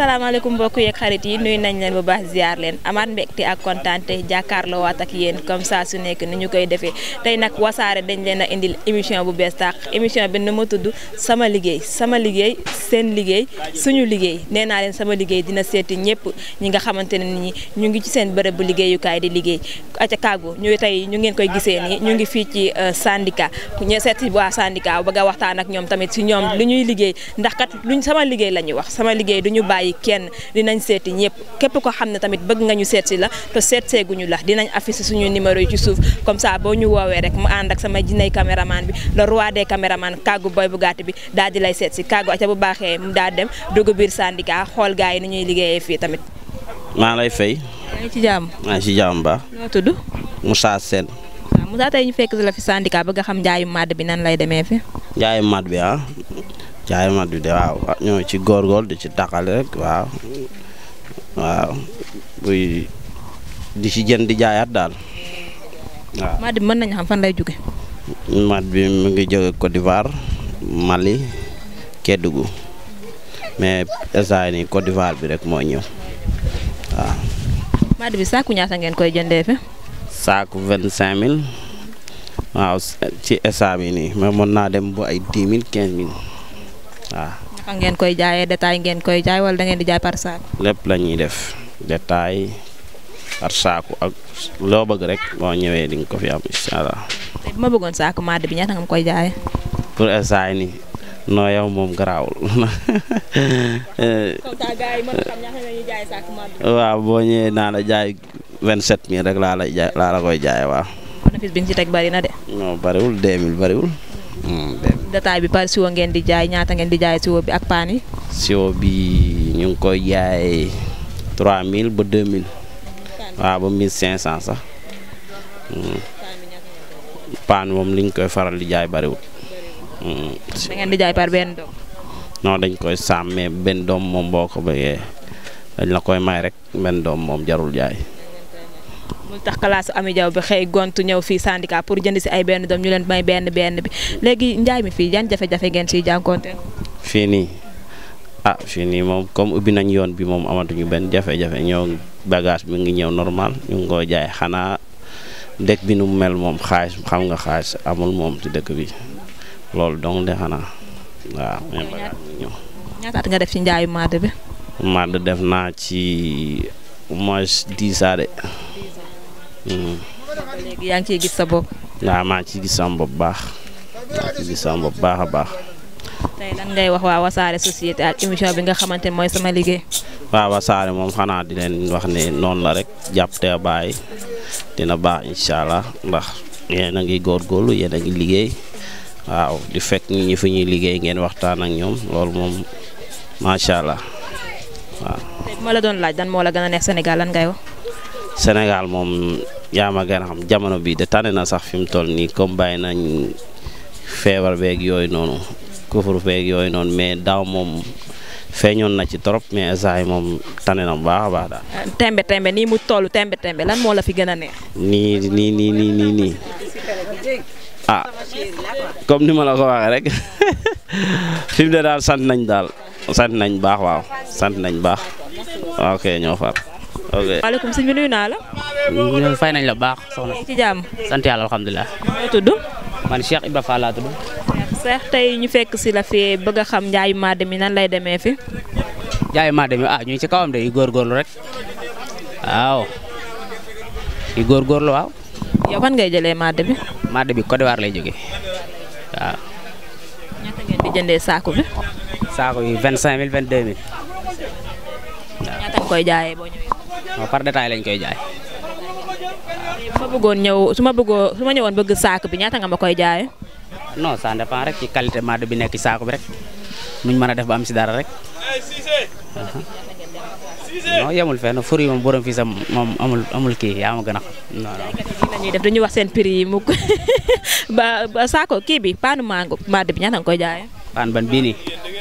asalaamaaleykum mbokk yeeg xarit yi nuyu nañ leen bu baax ziar leen amaat mbégte ak kontaante jàkkaarloo waat ak yéen comme ça su nekk ni ñu koy defee tey nag wasaare dañ leen a indil émission bu bees taax émission bi na ma tudd sama liggéey sama liggéey seen liggéey suñu liggéey nee naa leen sama liggéey dina seeti ñëpp ñi nga xamante ne ni ñu ngi ci seen bërëb bu liggéeyukaay di liggéey aca kàggu ñu tey ñu ngeen koy gisee ñu ngi fii ci euh, syndicat ñu seet waa syndicat bëgg a waxtaan ak ñoom tamit si ñoom lu ñuy liggéey ndax kat luñ sama liggéey la ñuy wax sama liggéey duñu bàyyi bàyyi kenn dinañ seeti ñëpp képp ko xam ne tamit bëgg nga ñu seet si la te seet seeguñu la dinañ affiché suñu numéro yi ci suuf comme ça boo ñu woowee rek mu ànd ak sama jinay caméraman bi le roi des caméraman kàggu boy bu gàtt bi daal di lay seet si kàggu aca bu baaxee mu daal dem dugg biir syndicat xool gars yi ni ñuy liggéeyee fii tamit maa lay fay maa ngi ci jàmm maa ngi ci jàmm ba noo tudd Moussa Sène Moussa tey ñu fekk si la fi syndicat bëgg nga xam njaayu màdd bi nan lay demee fi njaayu jaay ma du de waaw ñoo ci góorgóor di ci taqale rek waaw waaw buy di ci jën di jaayaat daal waaw. mat bi mën nañ xam fan lay jóge mat bi mu ngi jóge Côte d'Ivoire Mali Kédougou mais instant nii Côte d'Ivoire bi rek moo ñëw waaw. bi saaku ñaata ngeen koy jëndee fe saaku vingt cinq mille waaw ci instant bi nii mais mën naa dem bu ay dix mille quinze mille. waaw. Ah. naka ngeen koy jaayee détail ngeen koy jaay wala da ngeen di jaay par saako. lépp la ñuy def détail par saako ak loo bëgg rek boo ñëwee di nga ko fi am incha allah. tey bu ma bëggoon saako madd bi ñaata nga koy jaayee. pour instant nii non yow moom garaawul. waaw boo ñëwee naa la jaay 27000 rek laa lay jaay laa la koy jaayee waaw. bénéfice bi nga ci teg bari na de. non bariwul 2000 bariwul. Hmm, détail bi par siwo ngeen di jaay ñaata ngeen di jaay siwo bi ak paan yi. siwo bi ñu ngi koy jaay 3000 ba mille waaw ba 1500 sax. Hmm. paan moom liñ koy faral di jaay bariwul. Hmm. da jaay par benn dañ koy sàmmee benn doom moom boo ko bëggee dañ la koy may rek benn doom moom jarul jaay. mu tax kalaasu Ami Jaw bi xëy gontu ñëw fii syndicat pour jënd si ay benn doom ñu leen may benn benn bi léegi njaay mi fii jan jafe-jafe ngeen siy jànkoonte fii nii ah fii nii moom comme ubbi nañ yoon bi moom amatuñu benn jafe-jafe ñëw bagage bi ngi ñëw normal ñu ngi koo jaay xanaa dëkk bi nu mel moom xaalis xam nga xaalis amul moom ci dëkk bi loolu donc de xanaa waaw. ñaata at nga def ci njaayu madd bi. madd def naa ci moins dix ans de. yaa ngi ciy gis sa bopp. waaw maa ngi ciy gis sama bopp baax maa ngi ciy gis sama bopp baax a baax. tey lan ngay wax waa wasaare société ak émission bi nga xamante ne mooy sama liggéey. waaw saare moom xanaa di leen wax ne noonu la rek jàpp te bàyyi dina baax incha allah ndax yéen a ngi góorgóorlu yéen a ngi liggéey waaw di fekk ñi fi ñuy liggéey ngeen waxtaan ak ñoom loolu moom macha allah waaw. ma la doon laaj dan moo la gën a neex Sénégal lan ngay wax. Sénégal moom yaa ma gën xam jamono bii de tane na sax fi mu toll nii comme bàyyi nañ feebar beeg yooyu noonu kufur beeg yooyu noonu mais daaw moom feeñoon na ci trop mais saa yi moom tane na bu baax a baax daal. tembe tembe nii mu tollu tembe tembe lan moo la fi gën a neex. nii nii nii nii nii nii ah comme ni ma la ko waxee rek fi de daal sant nañ daal sant nañ baax waaw sant nañ baax ok ñoo far. ok maaleykum sëñ bi nuyu naa la. fay nañ la baax soxna si. ci jàmm yàlla alhamdulilah. maa tudd. man Cheikh Ibra Fall tudd. Cheikh tey ñu fekk si la fi bëgg a xam njaayu maade mi nan lay demee fi. njaayu maade mi ah ñu ci kawam de yu góorgóorlu rek waaw yu góorgóorlu waaw. yow fan ngay jëlee maade bi. maade bi Côte d'Ivoire lay jóge waaw. ñaata ngeen di jëndee saako bi. saako yi vingt cinq mille vingt deux mille waaw. waaw par détail lañ koy jaay. su ma bëggoon ñëw su ma bëggoo su ma ñëwoon bëgg saako bi ñaata nga ma koy jaay non ça dépend rek ci qualité maado bi nekk ci saako bi rek nuñ mën a def am si dara rek. Eh, non yemul fenn fur yi moom borom amul kii yaa ma gën a xam non non. lii wax seen prix yi mu ba ba saako kii bi paanu mango bi ñaata nga koy jaay paan ban bii nii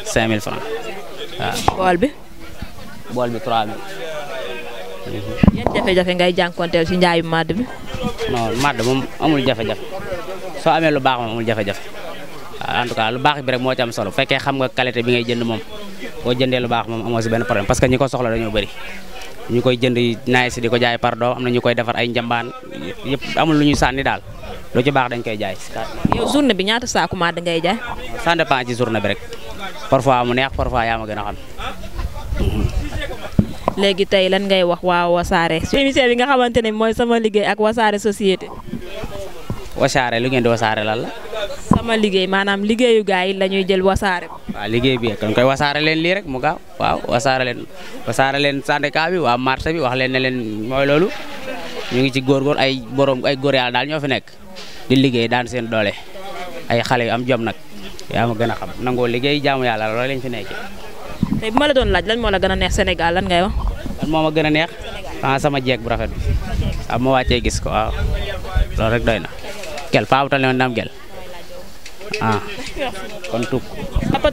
5000 francs waaw. bool bi. bool bi 3000. yan jafe-jafe ngay jànkuwanteel ci njaayu maad bi. non màdd moom amul jafe-jafe soo amee lu baax moom amul jafe-jafe en tout cas lu baax bi rek moo ci am solo bu fekkee nga qualité bi ngay jënd moom boo jëndee lu baax moom amoo ci benn problème parce que ñi ko soxla dañoo bari ñu koy jënd naay si di ko jaay par doom am na ñu koy defar ay njambaan yëpp amul lu ñuy sànni daal lu ci baax dañ koy jaay. yow journée bi ñaata saako màdd ngay jaay. ça dépend ci na bi rek parfois mu neex parfois yaa gën a xam. léegi tey lan ngay wax waa wasaare su bi nga xamante ne mooy sama liggéey ak wasaare société. wasaare lu ngeen di wasaare lan la. sama liggéey maanaam liggéeyu gars yi lañuy jël wasaare liggéey bi kon koy wasaare leen lii rek mu gaaw waaw wasaare leen wasaare leen syndicat bi waa marché bi wax leen ne leen mooy loolu ñu ngi ci góorgóor ay borom ay góor yàlla daal ñoo fi nekk di liggéey daan seen doole ay xale yu am jom nag yaa ma gën a xam nangoo liggéey jaamu yàlla loolu lañ fi nekkee. tey bu ma la doon laaj lan moo la gën a neex Sénégal lan ngay wax. lan moo gën a neex ah, sama jeeg bu rafet bi am ah, ma wàccee gis ko waaw loolu rek doy na gel faaw ne naam gel ah kon tukk.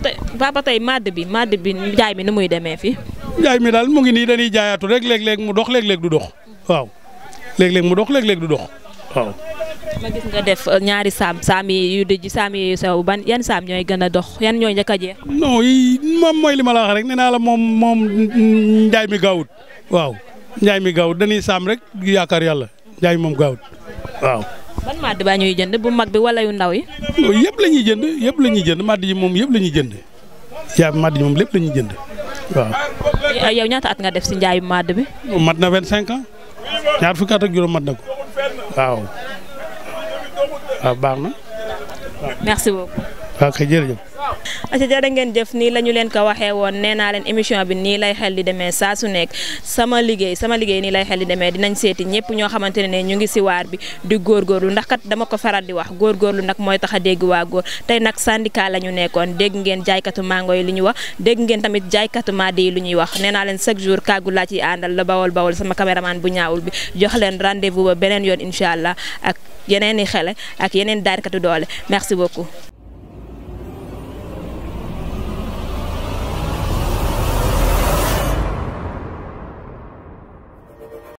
tey papa tey madd bi madd bi jaay mi ni muy demee fii. jaay mi daal mu ngi nii dañuy jaayaatu rek léeg-léeg mu dox léeg-léeg du dox waaw léeg-léeg mu dox léeg-léeg du dox waaw. ma gis nga def euh, ñaari saam saam yi yu dëj saam yi sew ban yan saam ñooy gën a dox yan ñooy njëkk a jeex. non moom mooy li ma la wax rek nee naa la moom moom njaay mi gaawut waaw njaay mi gaawut dañuy saam rek yaakaar yàlla njaay moom gaawut waaw. ban màdd baa ñuy jënd bu mag bi wala yu ndaw yi. Oh, yëpp lañuy jënd yëpp la ñuy jënd màdd yi moom yëpp la ñuy jënd yaa màdd yi moom lépp lañuy jënd waaw. Eh, yow ñaata at nga def si njaayu màdd bi. Oh, mat na 25 ans ñaar fukki at ak na ko waaw ah, baax na. merci beaucoup. waaw ah, kay jërëjëf. aca jërë ngeen jëf nii la ñu leen ko waxee woon nee naa leen émission bi nii lay xel di deme saa su nekk sama liggéey sama liggéey nii lay xel di demee dinañ seeti ñëpp ñoo xamante ne ñu ngi si waar bi di góorgóorlu ndax kat dama ko faral di wax góorgóorlu nag mooy tax a dégg waa góor tey nag syndicat la ñu nekkoon dégg ngeen jaaykatu mango yi lu ñuy wax dégg ngeen tamit jaaykatu maade yi lu ñuy wax nee naa leen chaque jour kàggu laa ci àndal la bawol bawol sama caméraman bu ñaawul bi jox leen rendez-vous beneen yoon incha allah yeneen i xele ak yeneen daankatu doole merci beaucoup